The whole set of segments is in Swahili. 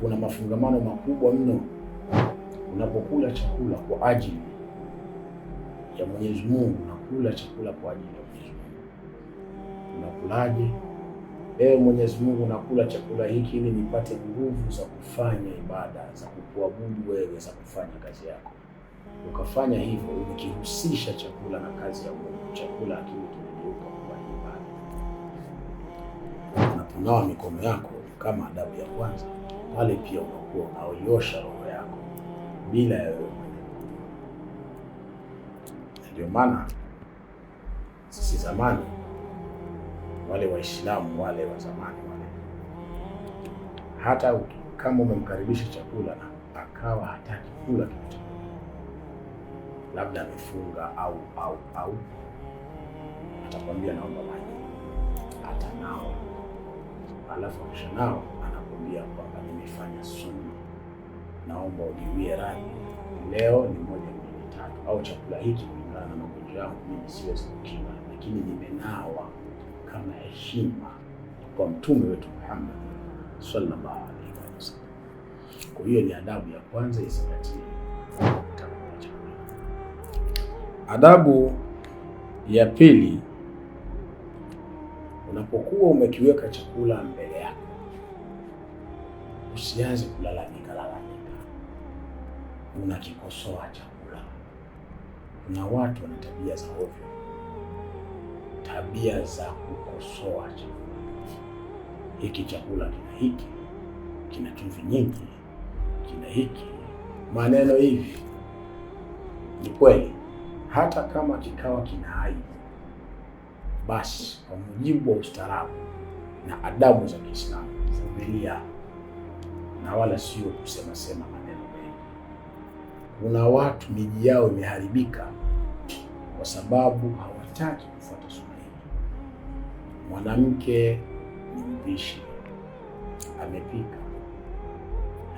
kuna mafungamano makubwa mno unapokula chakula kwa ajili ya Mwenyezi Mungu. Unakula chakula kwa ajili ya Mwenyezi Mungu. Unakulaje? Ewe Mwenyezi Mungu, nakula chakula hiki ili nipate nguvu za kufanya ibada, za kukuabudu wewe, za kufanya kazi yako. Ukafanya hivyo ukihusisha chakula na kazi ya Mungu, chakula akili kinageuka kuwa ibada. Unaponawa mikono yako kama adabu ya kwanza pale pia unakuwa unaiosha roho yako bila ya wewe mwenyewe. Ndio maana sisi zamani, wale Waislamu wale wa zamani wale, hata kama umemkaribisha chakula na akawa hataki kula kitu, labda amefunga au au au, atakwambia naomba maji alafu kisha nao anakuambia kwamba nimefanya sumu, naomba ujiwie radhi, leo ni moja mbili tatu, au chakula hiki kulingana na magonjwa yangu mimi siwezi kukila, lakini nimenawa kama heshima kwa mtume wetu Muhammad sallallahu alaihi wasallam. Kwa hiyo ni adabu ya kwanza izingatie Adabu ya pili unapokuwa umekiweka chakula mbele yako, usianze kulalamika lalamika. Unakikosoa chakula. Kuna watu wana tabia za ovyo, tabia za kukosoa chakula. Hiki chakula kina hiki, kina chumvi nyingi, kina hiki, maneno hivi. Ni kweli hata kama kikawa kina aibu basi kwa mujibu wa ustaarabu na adabu za Kiislamu vumilia, na wala sio kusema sema maneno mengi. Kuna watu miji yao imeharibika kwa sababu hawataki kufuata sunna hii. Mwanamke ni mpishi, amepika,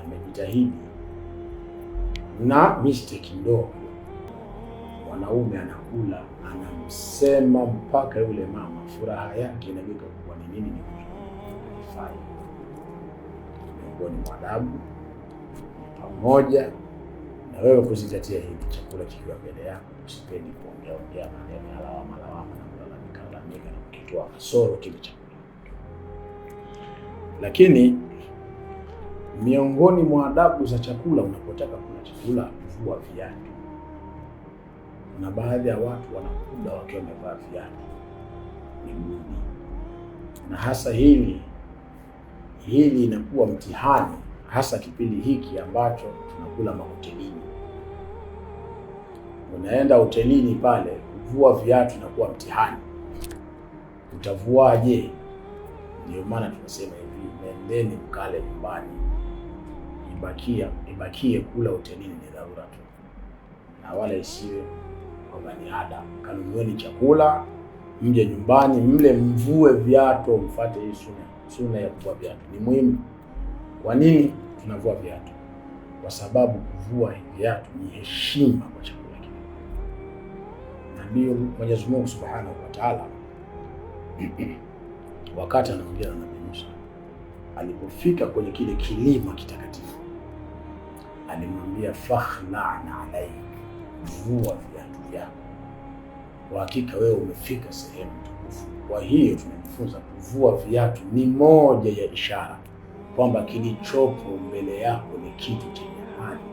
amejitahidi na mistake ndogo mwanaume anakula, anamsema mpaka yule mama, furaha yake inageuka kuwa ni nini? Ni kufai Miongoni mwa adabu pamoja na wewe kuzingatia hivi, chakula kikiwa mbele yako, usipendi kuongea ongea maneno ya lawama lawama na kulalamika lalamika na kukitoa kasoro kile chakula. Lakini miongoni mwa adabu za chakula, unapotaka kula chakula, vua viatu kuna baadhi ya watu wanakuja wakiwa wamevaa viatu miguuni, na hasa hili hili inakuwa mtihani, hasa kipindi hiki ambacho tunakula mahotelini. Unaenda hotelini pale, kuvua viatu inakuwa mtihani. Utavuaje? Ndio maana tunasema hivi, nendeni mkale nyumbani, ibakia ibakie kula hotelini ni dharura tu, na wala isiwe kwamba ni ada, kanunueni chakula, mje nyumbani mle, mvue viatu, mfate hii sunna, sunna ya kuvua viatu ni muhimu. Kwa nini tunavua viatu? Kwa sababu kuvua viatu ni heshima kwa chakula kile, na ndio Mwenyezi Mungu Subhanahu wa Ta'ala wakati anaongea na Nabii Musa alipofika kwenye kile kilima kitakatifu alimwambia fakhna alaik, vua yako, kwa hakika wewe umefika sehemu tukufu. Kwa hiyo tunajifunza kuvua viatu ni moja ya ishara kwamba kilichopo mbele yako ni kitu chenye hali